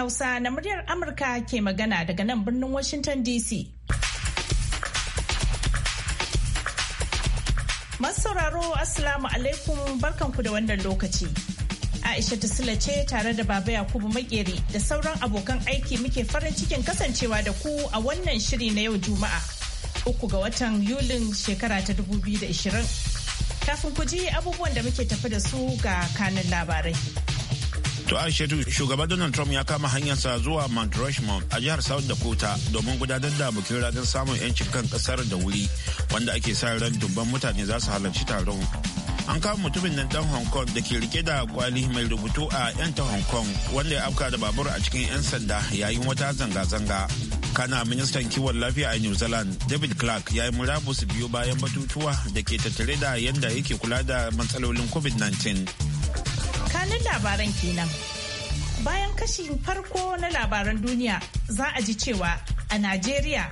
Hausa na muryar Amurka ke magana daga nan birnin Washington DC. masauraro asalamu Assalamu alaikum barkanku da wannan lokaci. Aisha ta Sula ce tare da Baba Yakubu Makeri da sauran abokan aiki muke farin cikin kasancewa da ku a wannan shiri na yau Juma'a. Uku ga watan Yulin shekara ta 2020. Kafin ku ji abubuwan da muke tafi da su ga kanin labarai. To Aishatu shugaban Donald Trump ya kama hanyarsa zuwa Mount Rushmore a jihar South Dakota domin gudanar da bikin ranar samun 'yancin kan kasar da wuri wanda ake sa ran dubban mutane za su halarci taron. An kama mutumin nan dan Hong Kong da ke rike da kwali mai rubutu a 'yan ta Hong Kong wanda ya afka da babur a cikin 'yan sanda yayin wata zanga-zanga. kana ministan kiwon lafiya a new zealand david clark ya yi murabus biyu bayan batutuwa da ke tattare da yadda yake kula da matsalolin covid-19 kanin labaran kenan. Bayan kashin farko na labaran duniya za a ji cewa a Najeriya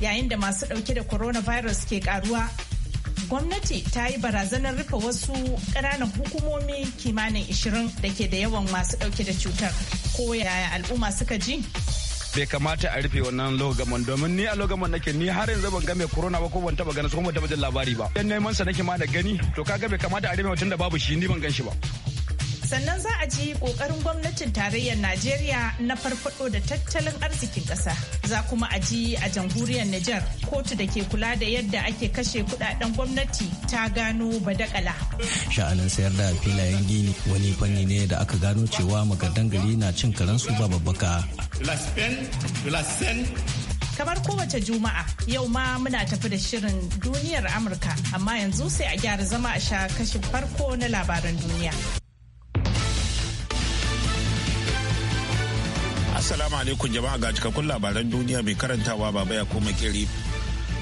yayin da masu ɗauke da coronavirus ke karuwa, gwamnati ta yi barazanar rufe wasu ƙananan hukumomi kimanin 20 da ke da yawan masu ɗauke da cutar. Ko yaya al'umma suka ji? bai kamata a rufe wannan logaman domin ni a logaman nake ni har yanzu ban ga mai corona ba ko ban taba ganin su kuma ban taba jin labari ba dan neman sa nake ma da gani to kaga bai kamata a rufe mutum da babu shi ni ban gan shi ba sannan za a ji kokarin gwamnatin tarayyar najeriya na farfado da tattalin arzikin ƙasa za kuma a ji a jamhuriyar nijar kotu da ke kula da yadda ake kashe kudaden gwamnati ta gano badakala sha'anin sayar da filayen gini wani fanni ne da aka gano cewa magadan gari na cin karansu ba babbaka kamar kowace juma'a yau ma muna tafi da shirin duniyar amurka amma yanzu sai a gyara zama a sha kashin farko na labaran duniya Assalamu alaikum jama'a ga cikakkun labaran duniya mai karantawa baba ya koma kiri.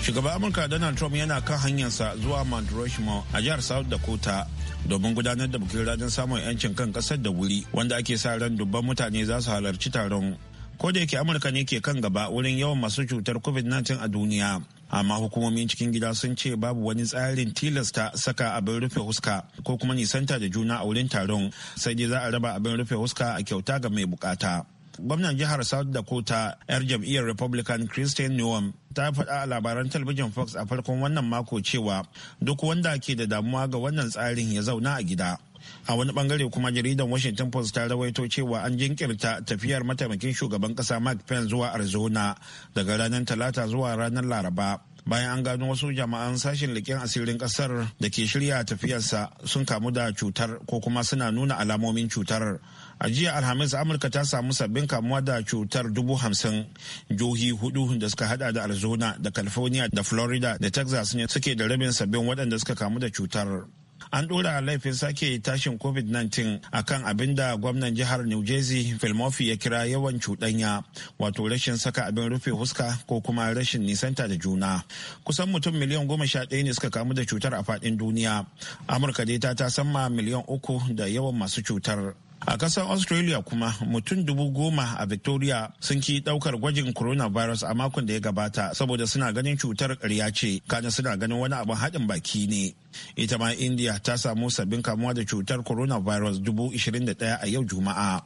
Shugaban Amurka Donald Trump yana kan hanyarsa zuwa Mount Rushmore a jihar South Dakota domin gudanar da bikin ranar samun 'yancin kan kasar da wuri wanda ake sa ran dubban mutane za su halarci taron. Ko da yake Amurka ne ke kan gaba wurin yawan masu cutar COVID-19 a duniya. Amma hukumomin cikin gida sun ce babu wani tsarin tilasta saka abin rufe huska ko kuma nisanta da juna a wurin taron sai dai za a raba abin rufe huska a kyauta ga mai bukata. gwamnan jihar south dakota yar jam'iyyar republican christian newham ta faɗa a labaran talabijin fox a farkon wannan mako cewa duk wanda ke da damuwa ga wannan tsarin ya zauna a gida a wani bangare kuma jaridan washington post ta rawaito cewa an jinkirta tafiyar mataimakin shugaban kasa mike pence zuwa arizona daga ranar talata zuwa ranar laraba bayan an gano wasu jama'an sashen likin asirin ƙasar da ke shirya tafiyarsa sun kamu da cutar ko kuma suna nuna alamomin cutar a jiya alhamis amurka ta samu sabbin kamuwa da cutar dubu hamsin jihohi hudu da suka hada da arizona da california da florida da texas ne suke da rabin sabbin waɗanda suka kamu da cutar an ɗora laifin sake tashin covid-19 A kan abin da gwamnan jihar new jersey filmofi ya kira yawan cuɗanya wato rashin saka abin rufe huska ko kuma rashin nisanta da juna kusan mutum miliyan goma sha ɗaya ne suka kamu da cutar a faɗin duniya amurka dai ta sama miliyan uku da yawan masu cutar A ƙasar Australia kuma mutum dubu goma a Victoria sun ki ɗaukar gwajin coronavirus a makon da ya gabata saboda suna ganin cutar ƙarya ce kana suna ganin wani abin haɗin baki ne. Ita ma India ta samu sabbin kamuwa da cutar coronavirus dubu ɗaya a yau Juma'a.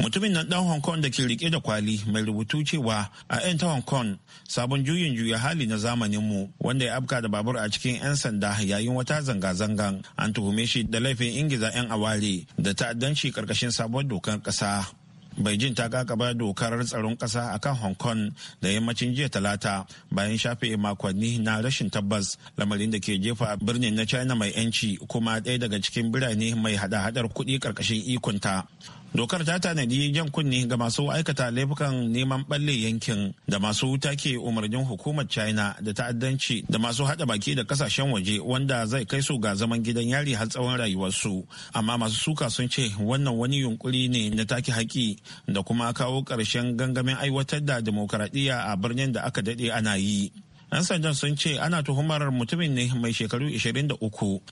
mutumin nan dan hong kong da ke rike da kwali mai rubutu cewa a 'yan ta hong kong sabon juyin juya hali na zamaninmu wanda ya abka da babur a cikin 'yan sanda yayin wata zanga-zangan an tuhume shi da laifin ingiza 'yan aware da ta'addanci karkashin sabon dokar kasa beijing ta kakaba dokar tsaron kasa akan hong kong da yammacin jiya talata bayan shafe makonni na rashin tabbas lamarin da ke jefa birnin na china mai 'yanci kuma daya daga cikin birane mai hada-hadar kuɗi karkashin ikonta dokar ta tanadi jan kunni ga masu aikata laifukan neman balle yankin da masu ke umarnin hukumar china da ta'addanci da masu hada baki da kasashen waje wanda zai kai su ga zaman gidan yari har tsawon rayuwarsu amma masu suka sun ce wannan wani yunkuri ne na take haƙi da kuma kawo ƙarshen gangamin aiwatar da demokradiyya a birnin da aka dade ana yi 'Yan sandan sun ce ana tuhumar mutumin ne mai shekaru 23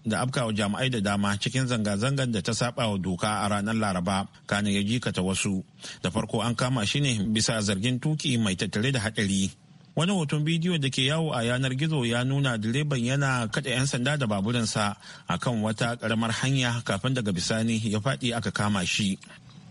da afkawa jami'ai da dama cikin zanga-zangar da ta saba wa doka a ranar Laraba kana ya jikata wasu. Da farko an kama shi ne bisa zargin tuki mai tattare da haɗari. Wani hoton bidiyo da ke yawo a yanar gizo ya nuna direban yana kada 'yan sanda da baburinsa akan wata karamar hanya kafin daga bisani ya faɗi aka kama shi.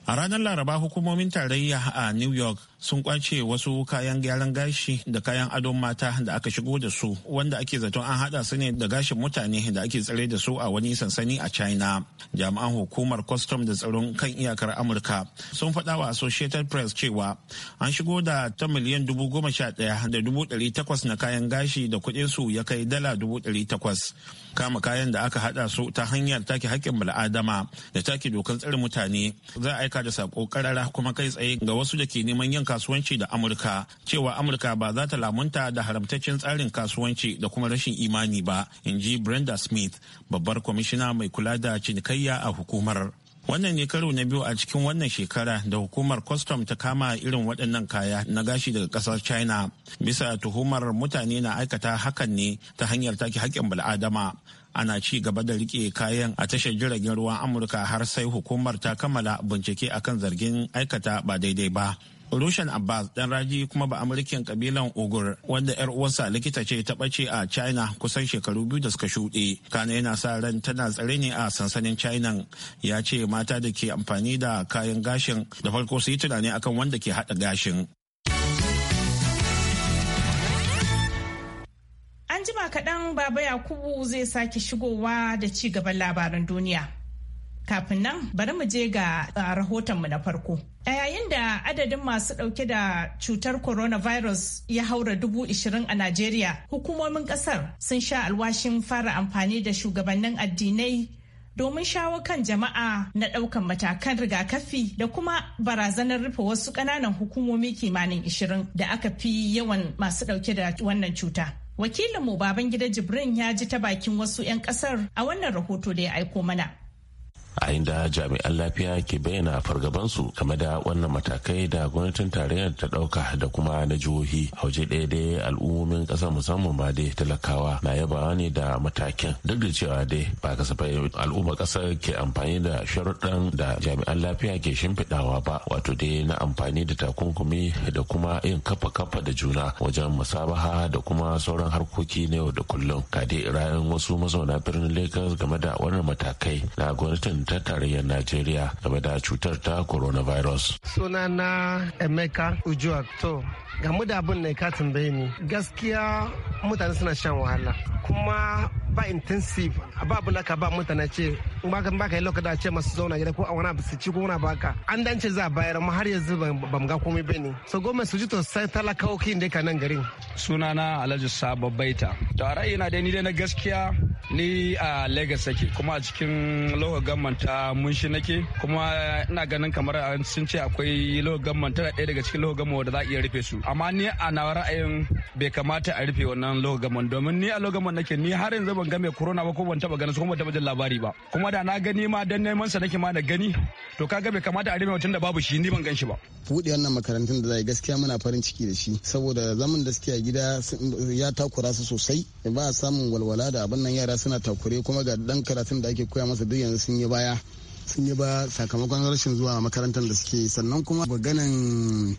A ranar Laraba hukumomin tarayya a New York sun kwace wasu kayan gyaran gashi da kayan adon mata da aka shigo da su wanda ake zaton an hada su ne da gashin mutane da ake tsare da su a wani sansani a china jami'an hukumar kwastam da tsaron kan iyakar amurka sun faɗa wa associated press cewa an shigo da ta miliyan dubu goma sha ɗaya da dubu ɗari takwas na kayan gashi da kuɗin su ya kai dala dubu ɗari takwas kama kayan da aka hada su ta hanyar take hakkin bala'adama da take dokar tsare mutane za a aika da sako karara kuma kai tsaye ga wasu da ke neman yin kasuwanci da amurka cewa amurka ba za ta lamunta da haramtaccen tsarin kasuwanci da kuma rashin imani ba in ji brenda smith babbar kwamishina mai kula da cinikayya a hukumar wannan ne karo na biyu a cikin wannan shekara da hukumar custom ta kama irin waɗannan kaya na gashi daga ƙasar china bisa tuhumar mutane na aikata hakan ne ta hanyar take haƙƙin bal'adama ana ci gaba da rike kayan a tashar jiragen ruwan amurka har sai hukumar ta kammala bincike akan zargin aikata ba daidai ba Roshan Abbas dan raji kuma ba amurkin kabilan Ogur wanda yar uwarsa likita ce ta ɓace a China kusan shekaru biyu da suka shuɗe. Kana yana sa ran tana tsare ne a sansanin China ya ce mata da ke amfani da kayan gashin da farko su yi tunani akan wanda ke haɗa gashin. An jima kaɗan Baba Yakubu zai sake shigowa da ci gaban labaran duniya. kafin nan bari mu je ga rahotonmu na farko. A yayin da adadin masu ɗauke da cutar coronavirus ya haura dubu ishirin a Najeriya, hukumomin ƙasar sun sha alwashin fara amfani da shugabannin addinai domin shawo kan jama'a na ɗaukan matakan rigakafi da kuma barazanar rufe wasu ƙananan hukumomi kimanin ishirin da aka fi yawan masu ɗauke da wannan cuta. Wakilinmu Babangida Jibrin ya ji ta bakin wasu 'yan ƙasar a wannan rahoto da ya aiko mana. a inda jami'an lafiya ke bayyana fargabansu game da wannan matakai da gwamnatin tarayyar ta dauka da kuma na jihohi hauje ɗaya dai al'ummomin kasar musamman ma da talakawa na yabawa ne da matakin duk da cewa dai ba kasafai al'ummar ƙasar ke amfani da sharuɗan da jami'an lafiya ke shimfiɗawa ba wato dai na amfani da takunkumi da kuma yin kafa kafa da juna wajen musabaha da kuma sauran harkoki na yau da kullum ka dai rayan wasu mazauna birnin lagos game da wannan matakai na gwamnatin ta tarayyar najeriya game da cutar ta coronavirus sunana emeka ujuak to ga da abin ne ka tambaye ni gaskiya mutane suna shan wahala kuma ba intensive ba abu ka ba mutane ce in ba ka yi lokacin ce masu zauna gida ko a wani abu su ci ko wani baka an dan ce za a bayar amma har yanzu mu ga komai ba ne so goma su ji to sai talakawokin da ka nan garin sunana alhaji sabo baita da ra'ayi na dai ni dai na gaskiya ni a lagos sake kuma a cikin lokacin gama gamanta mun shi nake kuma ina ganin kamar sun ce akwai logan government tana ɗaya daga cikin logan government da za a iya rufe su amma ni a na ra'ayin bai kamata a rufe wannan logan government domin ni a local government nake ni har yanzu ban ga mai corona ba ko ban taba ganin su kuma taba jin labari ba kuma da na gani ma dan neman sa nake ma da gani to kaga bai kamata a rufe mutum da babu shi ni ban gan shi ba buɗe wannan makarantun da zai gaskiya muna farin ciki da shi saboda zaman da suke a gida ya takura su sosai ba a samun walwala da abin nan yara suna takure kuma ga dan karatun da ake koya masa duk yanzu sun yi ba baya sun yi ba sakamakon rashin zuwa makarantar da suke sannan kuma maganan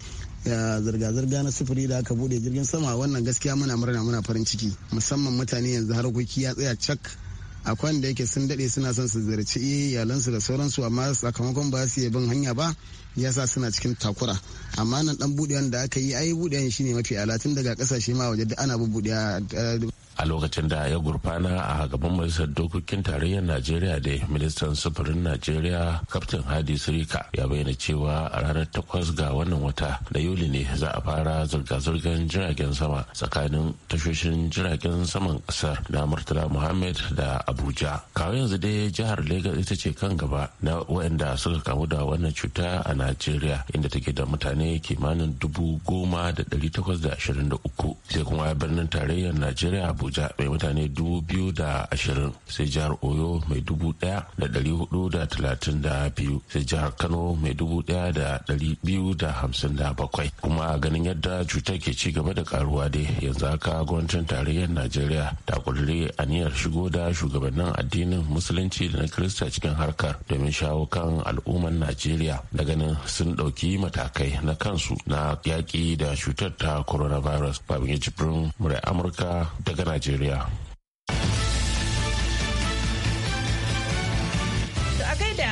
zirga-zirga na sufuri da aka bude jirgin sama wannan gaskiya muna murna muna farin ciki musamman mutane yanzu har harkoki ya tsaya cak a kwan da yake sun dade suna son su ziyarci iyalansu da sauransu amma sakamakon ba su bin hanya ba ya sa suna cikin takura amma nan dan budewan da aka yi ai budewan shine mafi alatin daga kasashe ma waje da ana bubudewa eh, a lokacin da ya gurfana a gaban majalisar dokokin tarayyar najeriya da ministan sufurin najeriya kaftin hadi sirika ya bayyana cewa a ranar takwas ga wannan wata na yuli ne za a fara zirga-zirgar jiragen sama tsakanin tashoshin jiragen saman kasar na murtala muhammad da abuja kawo yanzu dai jihar Legas ita ce kan gaba na waɗanda suka kamu da wannan cuta a najeriya inda take da mutane kimanin dubu goma da ɗari takwas da ashirin da uku sai kuma birnin tarayyar najeriya abuja abuja mai mutane 220 da ashirin sai jihar oyo mai 1,432 sai jihar kano mai 1,257 kuma ganin yadda cutar ke ci gaba da karuwa dai yanzu haka gwamnatin tarayyar najeriya ta kudure aniyar shigo da shugabannin addinin musulunci da na kirista cikin harkar domin shawo kan al'ummar najeriya da ganin sun ɗauki matakai na kansu na yaƙi da cutar ta coronavirus babin ya jibrin murai amurka daga Najeriya.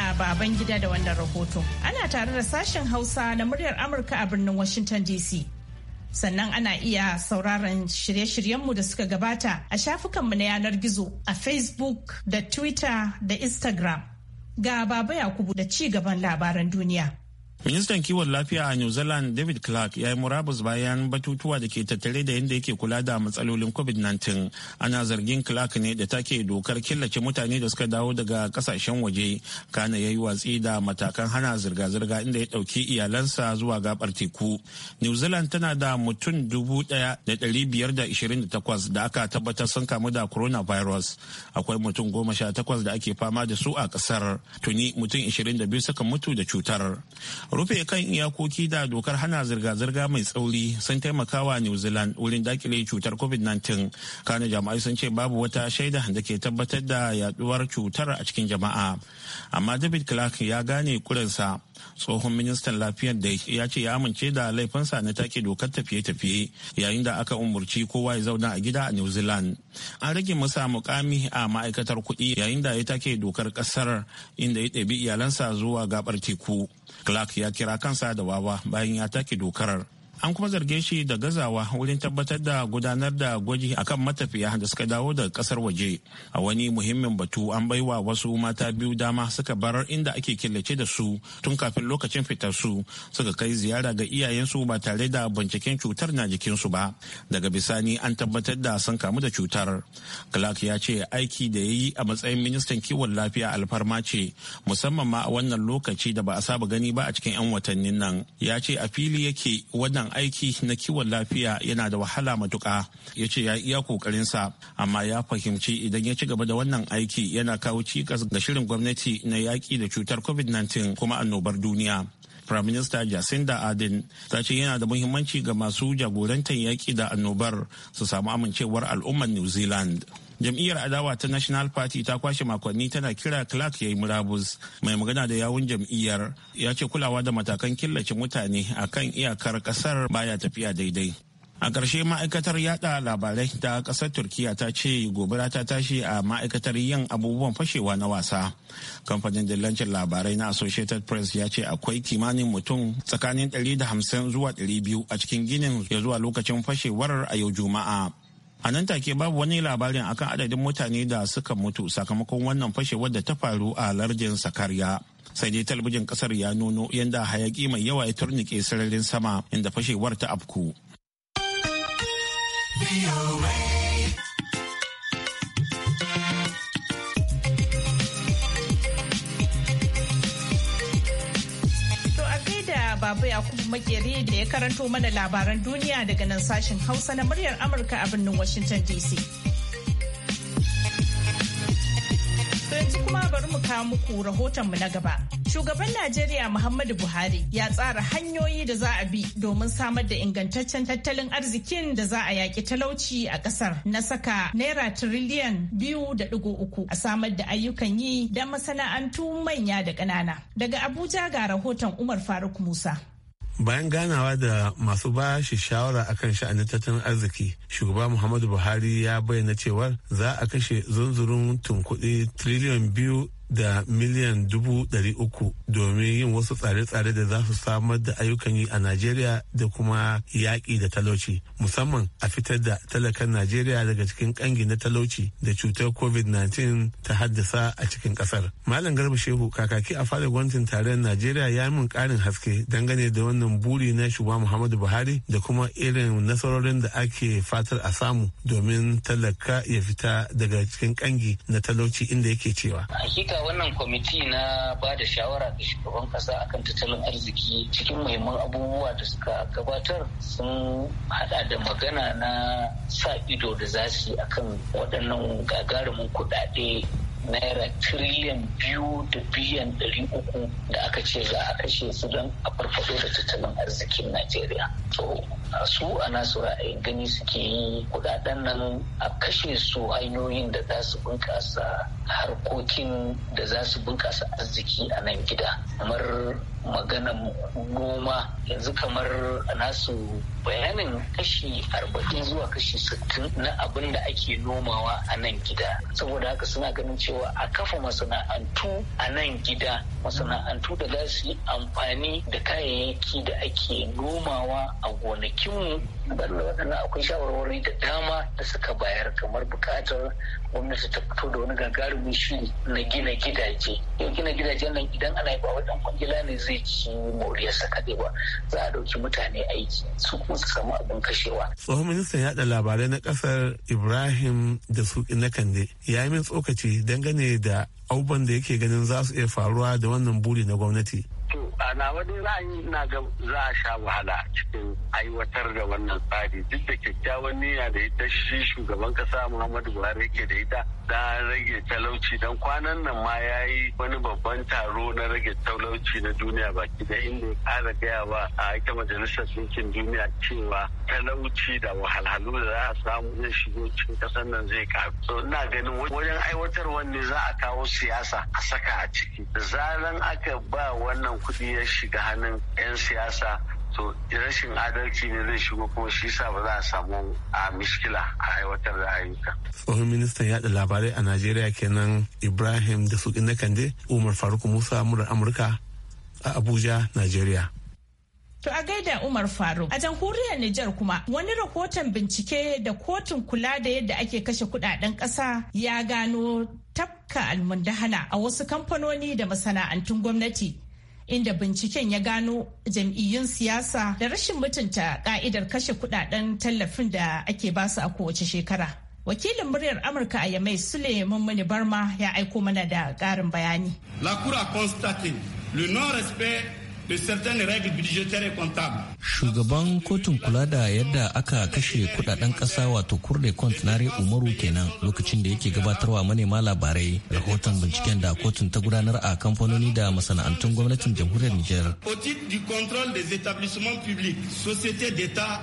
a baban gida da wannan rahoto ana tare da sashen hausa na muryar amurka a birnin washington dc sannan ana iya sauraron shirye-shiryenmu da suka gabata a shafukanmu na yanar gizo a facebook da twitter da instagram ga baba yakubu da ci gaban labaran duniya Ministan kiwon lafiya a New Zealand David Clark ya yi murabus bayan batutuwa da ke tattare da yadda yake kula da matsalolin COVID-19. Ana zargin Clark ne da take dokar killace mutane da suka dawo daga kasashen waje. Kana ya yi watsi da matakan hana zirga-zirga inda ya ɗauki iyalansa zuwa gabar teku. New Zealand tana da mutum dubu daya da dari biyar da ishirin da takwas da aka tabbatar sun kamu da coronavirus. Akwai mutum goma sha takwas da ake fama da su a kasar Tuni mutum ishirin da biyu suka mutu da cutar. rufe kan iyakoki da dokar hana zirga-zirga mai tsauri sun taimakawa new zealand wurin dakile cutar covid-19 kana jama'ai sun ce babu wata shaida da ke tabbatar da yaduwar cutar a cikin jama'a amma david clark ya gane kurinsa tsohon ministan lafiyar da ya ce ya amince da laifinsa na take dokar tafiye-tafiye yayin da aka umurci kowa ya zauna a gida a new zealand an rage masa mukami a ma'aikatar kuɗi yayin da ya take dokar ƙasar inda ya ɗabi iyalansa zuwa gabar teku clark ya kira kansa da wawa bayan ya take dokar an kuma zarge shi da gazawa wurin tabbatar da gudanar da gwaji akan matafiya da suka dawo daga kasar waje a wani muhimmin batu an baiwa wasu mata biyu dama suka barar inda ake killace da su tun kafin lokacin fitar su suka kai ziyara ga iyayensu ba tare da binciken cutar na jikinsu ba daga bisani an tabbatar da sun kamu da cutar clark ya ce aiki da ya yi a matsayin ministan kiwon lafiya alfarma ce musamman ma a wannan lokaci da ba a saba gani ba a cikin 'yan watannin nan ya ce a fili yake wannan wannan aiki na kiwon lafiya yana da wahala matuka ya ce ya iya kokarinsa amma ya fahimci idan ya ci gaba da wannan aiki yana kawo cikas ga shirin gwamnati na yaƙi da cutar covid-19 kuma annobar duniya Prime Minister Jacinda Ardern ta ce yana da muhimmanci ga masu jagorantar yaƙi da annobar su samu amincewar al'ummar New Zealand. jam'iyyar adawa ta national party ta kwashe makonni tana kira clark ya yi murabus mai magana da yawun jam'iyyar ya ce kulawa da matakan killace mutane a kan iyakar kasar baya tafiya daidai a ƙarshe ma'aikatar yada labarai ta ƙasar turkiya ta ce gobara ta tashi a ma'aikatar yin abubuwan fashewa na wasa kamfanin dillancin labarai na associated press ya ce akwai kimanin mutum tsakanin 150 zuwa 200 a cikin ginin ya zuwa lokacin fashewar a yau juma'a a nan take babu wani labarin akan adadin mutane da suka mutu sakamakon wannan fashewar da ta faru a lardin sakarya sai dai talabijin kasar ya nuno yadda hayaki mai yawa ya turnike sararin sama inda fashewar ta afku. Babu ya kuma makeri da ya karanto mana labaran duniya daga nan sashen Hausa na muryar Amurka a birnin Washington DC. kawo muku rahotonmu na gaba. Shugaban Najeriya Muhammadu Buhari ya tsara hanyoyi da za a bi domin samar da ingantaccen tattalin arzikin da za a yaƙi talauci a ƙasar na saka naira tiriliyan biyu da dugu uku a samar da ayyukan yi da masana'antu manya da ƙanana. Daga Abuja ga rahoton Umar Faruk Musa. bayan ganawa da masu ba shi shawara akan sha'anin tattalin arziki shugaba muhammadu buhari ya bayyana cewar za a kashe zunzurun tunkuɗi triliyan biyu da miliyan dubu ɗari uku domin yin wasu tsare-tsare da za su samar da ayyukan yi a Najeriya da kuma yaƙi da talauci musamman a fitar da talakan Najeriya daga cikin ƙangi na talauci da cutar COVID-19 ta haddasa a cikin ƙasar. Malam Garba Shehu kakaki a fara gwamnatin tarayyar Najeriya ya min ƙarin haske dangane da wannan buri na shugaba Muhammadu Buhari da kuma irin nasarorin da ake fatar a samu domin talaka ya fita daga cikin ƙangi na talauci inda yake cewa. hakika wannan kwamiti na ba da shawara ga shugaban kasa akan tattalin arziki cikin muhimman abubuwa da suka gabatar sun hada da magana na sa ido da zasu yi akan waɗannan gagarumin kuɗaɗe naira tiriliyan biyu da biliyan ɗari uku da aka ce za a kashe su don a farfado da tattalin arzikin najeriya to su a nasu ra'ayin gani suke yi kudaden nan a kashe su hanyoyin da za su bunkasa harkokin da za su bunkasa arziki a nan gida kamar maganan noma yanzu kamar nasu bayanin kashi arba'in zuwa kashi sittin na abin da ake nomawa a nan gida saboda haka suna ganin cewa a kafa masana'antu a nan gida masana'antu da za su yi amfani da kayayyaki da ake nomawa a gonakinmu banda waɗannan akwai shawarwari da dama da suka bayar kamar bukatar gwamnati ta fito da wani gagarumin shiri na gina gidaje yau gina gidajen nan idan ana yi ba wajen kwangila ne zai ci moriyarsa kaɗai ba za a ɗauki mutane aiki su kuma su samu abin kashewa. tsohon ministan yaɗa labarai na ƙasar ibrahim da su na kande ya yi min tsokaci dangane da abubuwan da yake ganin za su iya faruwa da wannan buri na gwamnati a wani ra'ayi ina ga za a sha wahala cikin aiwatar da wannan tsari duk da kyakkyawan niyya da ita shi shugaban kasa muhammadu buhari yake da ita da rage talauci Dan kwanan nan ma ya yi wani babban taro na rage talauci na duniya baki da inda ya kara gaya wa a ita majalisar ɗinkin duniya cewa talauci da wahalhalu da za a samu zai shigo cikin ƙasar nan zai karu so ina ganin wajen aiwatar wanne za a kawo siyasa a saka a ciki da zaran aka ba wannan kuɗi ya shiga hannun 'yan siyasa to rashin adalci ne zai shigo kuma shi yasa ba za a samu a miskila a aiwatar da ayyuka. tsohon ministan yaɗa labarai a najeriya kenan ibrahim da suƙin na kande umar faruk musa murar amurka a abuja najeriya To a gaida Umar Faruk, a jamhuriyar Nijar kuma wani rahoton bincike da kotun kula da yadda ake kashe kudaden ƙasa ya gano tafka almundahana a wasu kamfanoni da masana'antun gwamnati inda binciken ya gano jam'iyyun siyasa da rashin mutunta ka'idar kashe kudaden tallafin da ake basu a kowace shekara. Wakilin muryar Amurka a Yamai Suleiman Mani Barma ya aiko mana da ƙarin bayani. La Cour le non-respect de certaines règles budgétaires et comptables. Shugaban kotun kula da yadda aka kashe kudaden kasa wato kurle kontinare Umaru kenan lokacin da yake gabatarwa manema labarai rahoton binciken da kotun ta gudanar a kamfanoni da masana'antun gwamnatin jamhuriyar Nijar.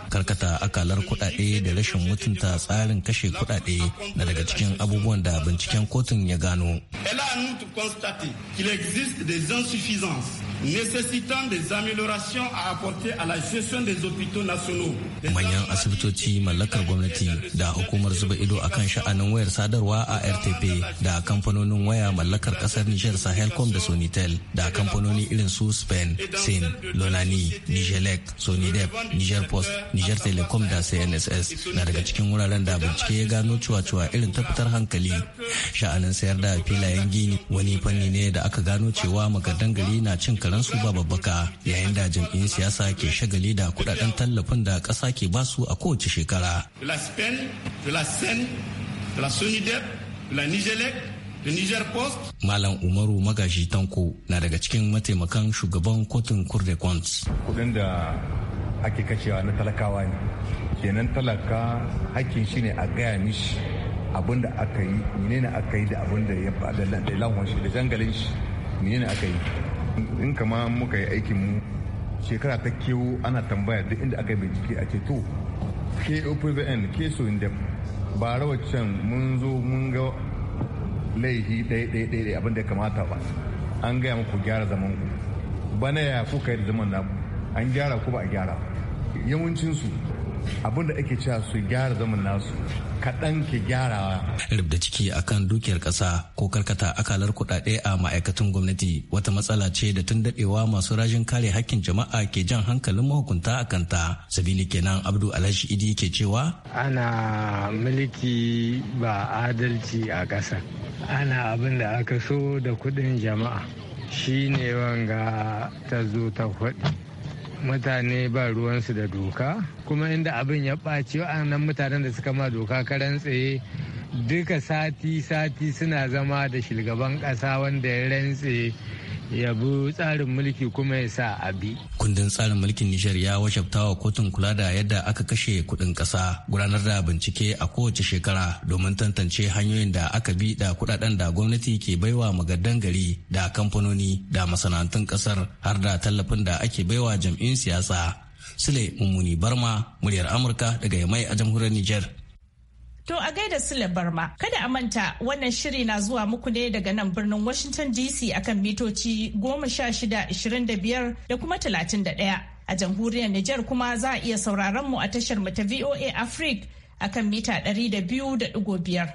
Karkata akalar kudade da rashin mutunta tsarin kashe kudade na daga cikin abubuwan da binciken kotun ya gano. Elle a constaté qu'il existe des insuffisances nécessitant des améliorations à apporter à la gestion des hôpitaux nationaux. Manyan asibitoci mallakar gwamnati da hukumar zuba ido a kan sha'anin wayar sadarwa a RTP da kamfanonin waya mallakar kasar Nijar Sahelcom da Sonitel da kamfanoni irin su Spain, Sin, Lonani, Nigelec, Sonidep, Niger Post, Niger Telecom da CNSS na daga cikin wuraren da bincike ya gano cewa irin ta fitar hankali. Sha'anin sayar da filayen gini wani fanni ne da aka gano cewa magadan gari na cin karan su ba babbaka yayin da jam'iyyun siyasa ke shagali da kudaden tallafin da ƙasa ke basu a kowace shekara. Malam Umaru Magashi Tanko na daga cikin mataimakan shugaban kotun Cour des Kudin da ake kashewa na talakawa ne. Kenan talaka hakkin shi ne a gaya mishi abin da aka yi menene aka yi da abin da ya da lanwan da jangalin shi menene aka yi in kama muka yi aikin mu shekara ta kewo ana tambaya duk inda aka yi bincike a ce to ke opvn ke so inda ba rawa can mun zo mun ga laifi ɗaya ɗaya ɗaya abin da ya kamata ba an gaya muku gyara zaman ku bana ya kuka yi zaman na an gyara ko ba a gyara yawancinsu abinda ake cewa su gyara zaman nasu kaɗan ke gyarawa. Rubda ciki akan dukiyar ƙasa ko karkata akalar kuɗaɗe a ma'aikatan gwamnati wata matsala ce da tun daɗewa masu rajin kare hakkin jama'a ke jan hankalin mahukunta a kanta. Sabili kenan Abdu Alhaji Idi ke cewa. Ana mulki ba adalci a ƙasa. Ana abin da aka so da kuɗin jama'a. Shi ne wanga ta zo ta faɗi. mutane ba ruwansu da doka kuma inda abin ya ɓaci wa'annan mutanen da suka ma doka karan tsaye duka sati-sati suna zama da shugaban ƙasa wanda ya rantse ya bi tsarin mulki kuma ya sa abi. Kundin tsarin mulkin Nijar ya wajabta wa kotun kula da yadda aka kashe kudin kasa gudanar da bincike a kowace shekara domin tantance hanyoyin da aka bi da kuɗaɗen da gwamnati ke baiwa magadan gari da kamfanoni da masana'antun kasar har da tallafin da ake baiwa jam'in siyasa. Sule Mummuni Barma, muryar Amurka daga Yamai a jamhuriyar Nijar. To a gaida Sule Barma, kada a manta wannan shiri na zuwa muku ne daga nan birnin Washington DC akan mitoci 1625 da kuma 31. A jamhuriyar Nijar kuma za a iya sauraron mu a tashar mu ta VOA Africa akan mita 200.5.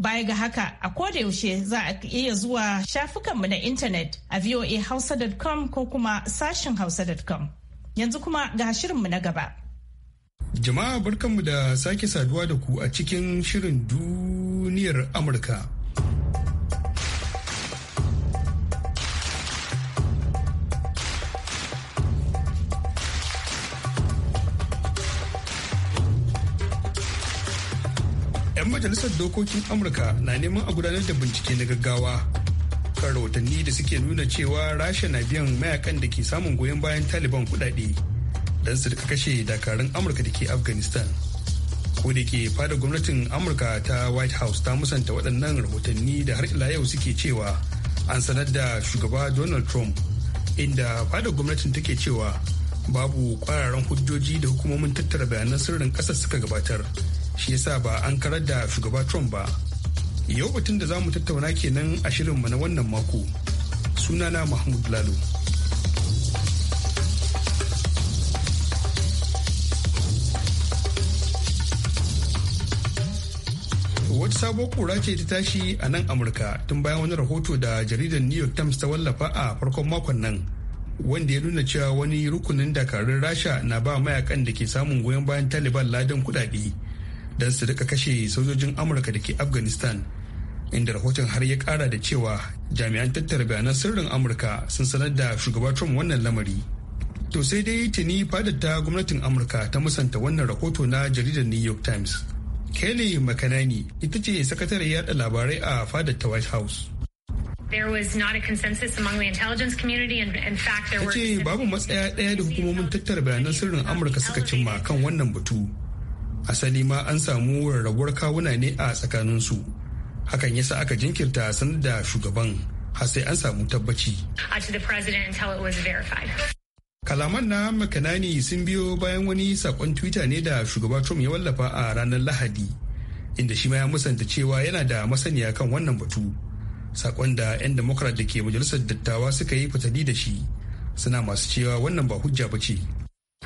Baya ga haka a koda yaushe za a iya zuwa shafukanmu na intanet a voahausa.com ko kuma sashin hausa.com. Yanzu kuma ga shirinmu na gaba. Jama'a barkanmu da sake saduwa da ku a cikin shirin duniyar Amurka. ‘Yan majalisar dokokin Amurka na neman a gudanar da bincike na gaggawa kan rahotanni da suke nuna cewa rasha na biyan mayakan da ke samun goyon bayan taliban kudade. ɗansa da ta kashe dakarun amurka da ke afghanistan ko da ke fada gwamnatin amurka ta white house ta musanta waɗannan rahotanni da har ila yau suke cewa an sanar da shugaba donald trump inda fada gwamnatin take cewa babu kwararan hujjoji da hukumomin tattara bayanan sirrin ƙasar suka gabatar shi yasa ba an karar da shugaba trump ba yau batun da za mu tattauna kenan a shirinmu na wannan mako sunana mahmud lalo sabo kura ce ta tashi a nan Amurka tun bayan wani rahoto da jaridar New York Times ta wallafa a farkon makon nan. Wanda ya nuna cewa wani rukunin dakarun Rasha na ba mayakan da ke samun goyon bayan Taliban ladan kudade don su rika kashe sojojin Amurka da ke Afghanistan. Inda rahoton har ya kara da cewa jami'an tattara bayanan sirrin Amurka sun sanar da shugaba Trump wannan lamari. To sai dai tuni fadar ta gwamnatin Amurka ta musanta wannan rahoto na jaridar New York Times. Kelly Makanani ita ce sakatariyar yada labarai a fadar ta White House. There was not a consensus among the intelligence community and in fact there were ce babu matsaya ɗaya da hukumomin tattara bayanan sirrin Amurka suka cimma kan wannan batu. Asali ma an samu rarrabuwar kawuna ne a tsakaninsu. Hakan yasa aka jinkirta sanar da shugaban har sai an samu tabbaci. Uh, to the president until it was verified. Kalaman na makanani sun biyo bayan wani sakon Twitter ne da shugaba Trump ya wallafa a ranar Lahadi, inda shi ma ya musanta cewa yana da masaniya kan wannan batu. Sakon da 'yan Democrat da ke majalisar dattawa suka yi fatali da shi, suna masu cewa wannan ba hujja ba ce.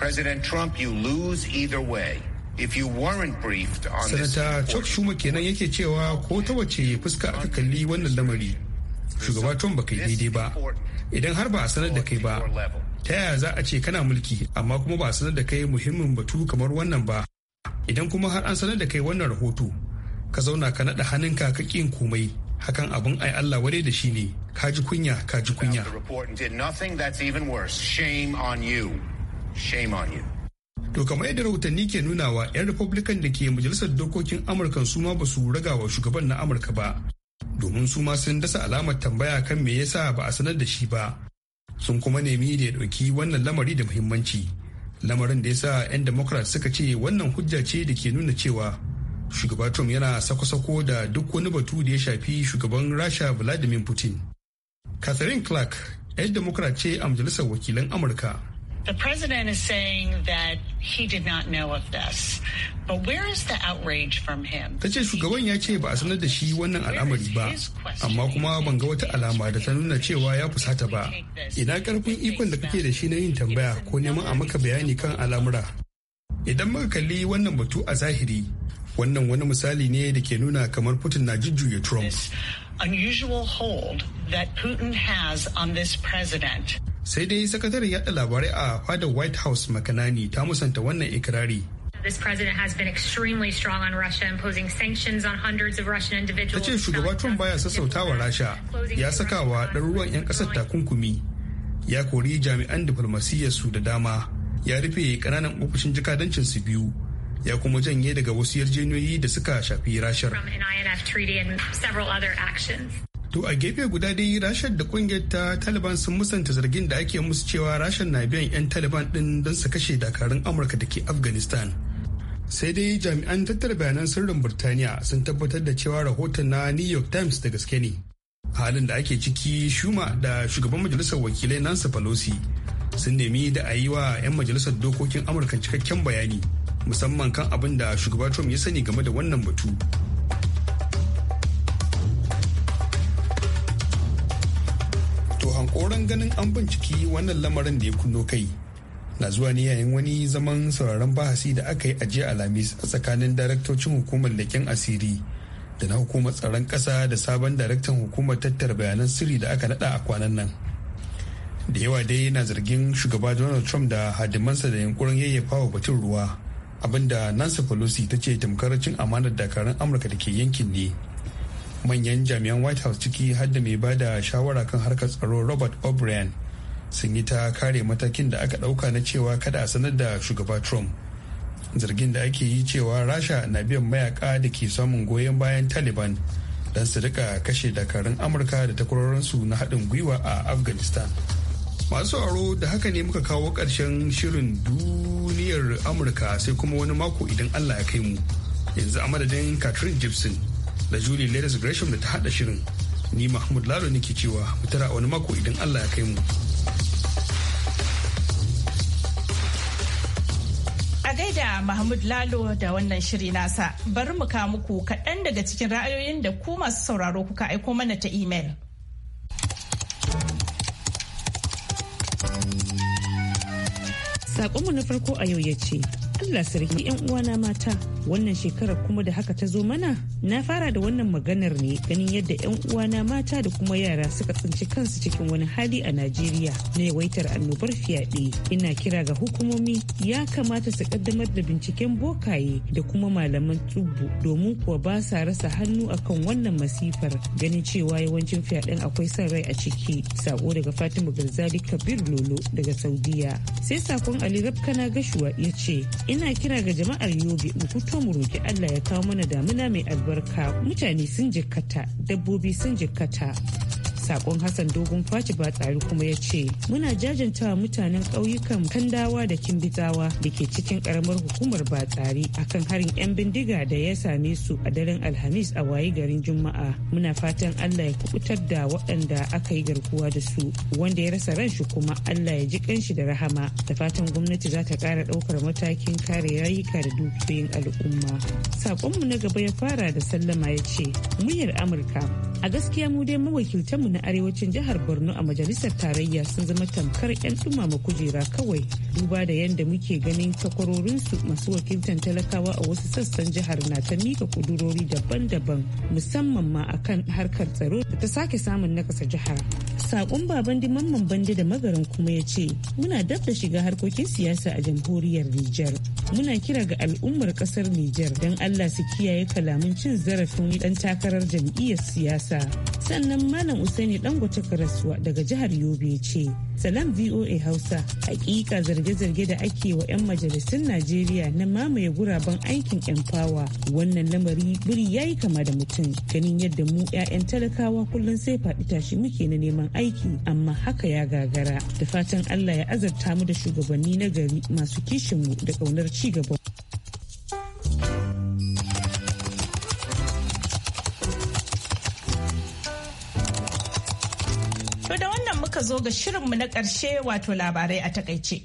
President Trump, you lose either way. Sanata Chuck Schumer kenan yake cewa ko ta wace fuska aka kalli wannan lamari. Shugaba Trump ba kai daidai ba, idan har ba a sanar da kai ba, ta yaya za a ce kana mulki amma kuma ba sanar da kai muhimmin batu kamar wannan ba idan kuma har an sanar da kai wannan rahoto ka zauna ka naɗa hannun ka ƙin komai hakan abin ai Allah wadai da shi ne ka ji kunya ka ji kunya To kamar yadda rahotanni ke nunawa 'yan Republican da ke majalisar dokokin Amurka su ma ba su raga wa shugaban na Amurka ba, domin su ma sun dasa alamar tambaya kan me yasa ba a sanar da shi ba. sun kuma nemi da ya ɗauki wannan lamari da muhimmanci lamarin da ya sa 'yan democrat suka ce wannan hujja ce da ke nuna cewa shugaba trump yana sako-sako da duk wani batu da ya shafi shugaban rasha vladimir putin catherine clark 'yan democrat ce a majalisar wakilan amurka The president is saying that he did not know of this. But where is the outrage from him? Ta ce shugaban ya ce ba a sanar da shi wannan al'amari ba, amma kuma ban ga wata alama da ta nuna cewa ya fusata ba. Ina karfin ikon da kake da shi na yin tambaya ko neman a maka bayani kan al'amura. Idan muka kalli wannan batu a zahiri, wannan wani misali ne da ke nuna kamar Putin na jujjuya Trump. Unusual hold that Putin has on this president. sai dai sakatare yaɗa labarai a fadar white house makanani ta musanta wannan ikirari This president has been extremely strong on Russia, imposing sanctions on hundreds of Russian individuals. Ta ce shugaba Trump baya sassautawa Rasha, ya saka sakawa ɗaruruwan 'yan ƙasar takunkumi, ya kori jami'an su da dama, ya rufe ƙananan ofishin jikadancin su biyu, ya kuma janye daga wasu yarjejeniyoyi da suka shafi Rashar. To a gefe guda dai rashar da kungiyar ta Taliban sun musanta zargin da ake musu cewa rashar na biyan 'yan Taliban din don su kashe dakarun Amurka da ke Afghanistan. Sai dai jami'an tattara bayanan sirrin Burtaniya sun tabbatar da cewa rahoton na New York Times da gaske ne. Halin da ake ciki Shuma da shugaban majalisar wakilai Nancy Pelosi sun nemi da a yi wa 'yan majalisar dokokin Amurka cikakken bayani musamman kan abin da shugaba Trump ya sani game da wannan batu. koran ganin an binciki wannan lamarin da ya kunno kai na zuwa ne yayin wani zaman sauraron bahasi da aka yi a jiya alhamis a tsakanin daraktocin hukumar leken asiri da na hukumar tsaron ƙasa da sabon daraktan hukumar tattara bayanan sirri da aka nada a kwanan nan da yawa dai na zargin shugaba donald trump da hadimansa da yankuran yayyafa wa batun ruwa abinda nancy pelosi ta ce tamkar cin amanar dakarun amurka da ke yankin ne manyan jami'an white house ciki hadda mai ba da shawara kan harkar tsaro robert o'brien sun yi ta kare matakin da aka ɗauka na cewa kada a sanar da shugaba trump zargin da ake yi cewa rasha na biyan mayaka da ke samun goyon bayan taliban don su rika kashe dakarun amurka da takwarorinsu na haɗin gwiwa a afghanistan masu aro da haka ne muka kawo ƙarshen shirin duniyar amurka sai kuma wani mako idan allah ya kai mu yanzu a madadin catherine gibson da Julie Ladies Gresham da ta hada shirin. Ni Mahmud Lalo ke cewa mutara a wani mako idan Allah ya kai mu. A gaida Mahmud Lalo da wannan shiri nasa bari mu kawo muku kaɗan daga cikin ra'ayoyin da ku masu sauraro kuka aiko mana ta imel. Saƙonmu na farko a yau ya ce, Allah sarki yan uwana mata wannan shekarar kuma da haka ta zo mana na fara da wannan maganar ne ganin yadda yan uwana mata da kuma yara suka tsinci kansu cikin wani hali a Najeriya na yawaitar annobar fyaɗe ina kira ga hukumomi ya kamata su kaddamar da binciken bokaye da kuma malaman tsubu domin kuwa ba sa rasa hannu akan wannan masifar ganin cewa yawancin fyaɗen akwai son rai a ciki sako daga Fatima Garzali Kabir Lolo daga Saudiya sai sakon Ali Rabkana Gashuwa ya ce ina kira ga jama'ar yobe mu fito mu roki allah ya kawo mana damina mai albarka mutane sun jikkata dabbobi sun jikkata sakon hassan dogon faci ba tsari kuma ya ce muna jajantawa mutanen ƙauyukan kandawa da kimbitawa da ke cikin karamar hukumar ba tsari akan harin 'yan bindiga da ya same su a daren alhamis a waye garin juma'a muna fatan allah ya kubutar da waɗanda aka yi garkuwa da su wanda ya rasa ran shi kuma allah ya ji kanshi da rahama da fatan gwamnati za ta ƙara ɗaukar matakin kare rayuka da dukiyoyin al'umma saƙonmu na gaba ya fara da sallama ya ce muryar amurka a gaskiya mu dai mawakiltanmu na arewacin jihar borno a majalisar tarayya sun zama tamkar 'yan dumama kujera kawai duba da yadda muke ganin takwarorinsu masu wakiltan talakawa a wasu sassan jihar na ta mika kudurori daban-daban musamman ma akan harkar tsaro da ta sake samun nakasa jihar sakon baban dimamman bandi da magaran kuma ya ce muna dab da shiga harkokin siyasa a jamhuriyar nijar muna kira ga al'ummar kasar nijar don allah su kiyaye kalamun cin zarafin dan takarar jam'iyyar siyasa sannan malam usain Usaini Dangote Karasuwa daga jihar Yobe ce. Salam VOA Hausa, hakika zarge-zarge da ake wa 'yan majalisun Najeriya na mamaye guraben aikin 'yan fawa. Wannan lamari biri ya yi kama da mutum. Ganin yadda mu 'ya'yan talakawa kullum sai faɗi tashi muke na neman aiki, amma haka ya gagara. Da fatan Allah ya azarta mu da shugabanni na gari masu kishinmu da ƙaunar ci gaba. To da wannan muka zo ga shirinmu na ƙarshe wato labarai a takaice.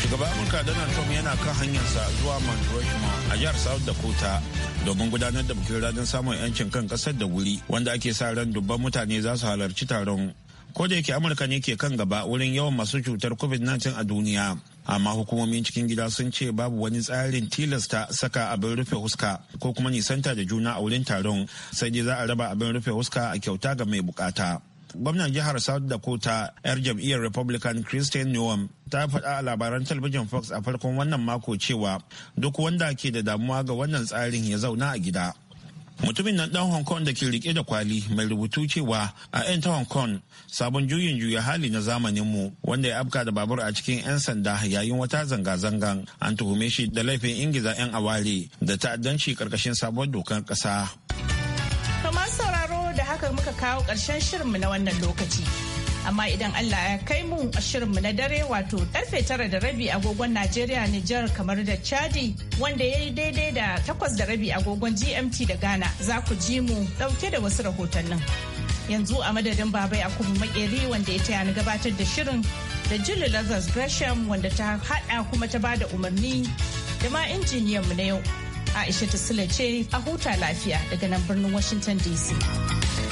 shugaba Amurka Donald Trump yana kan hanyarsa zuwa Mount a jihar South Dakota domin gudanar da bikin ranar samun 'yancin kan ƙasar da wuri wanda ake sa ran dubban mutane za su halarci taron. Ko da yake Amurka ne ke kan gaba wurin yawan masu cutar COVID-19 a duniya. amma hukumomin cikin gida sun ce babu wani tsarin tilasta saka abin rufe huska ko kuma nisanta da juna a wurin taron sai dai za a raba abin rufe huska a kyauta ga mai bukata gwamnan jihar south dakota yar jam'iyyar republican christian newham ta faɗa a labaran talabijin fox a farkon wannan mako cewa duk wanda ke da damuwa ga wannan tsarin ya zauna a gida mutumin nan dan hong kong da ke rike da kwali mai rubutu cewa a 'yan ta hong kong sabon juyin juya hali na zamaninmu wanda ya afka da babur a cikin 'yan sanda yayin wata zanga-zangan an tuhume shi da laifin ingiza 'yan aware da ta'addanci karkashin sabon dokar kasa. kamar sauraro da haka muka kawo ƙarshen shirinmu na wannan lokaci amma idan Allah ya kai mu a shirin mu na dare wato karfe tara da rabi agogon Najeriya Nijar kamar da Chadi wanda ya yi daidai da takwas da rabi agogon GMT da Ghana za ku ji mu dauke da wasu rahotannin. Yanzu a madadin babai a kuma makeri wanda ya taya ni gabatar da shirin da Julie Lazarus Gresham wanda ta haɗa kuma ta ba da umarni da ma mu na yau. Aisha ta ce a huta lafiya daga nan birnin Washington DC.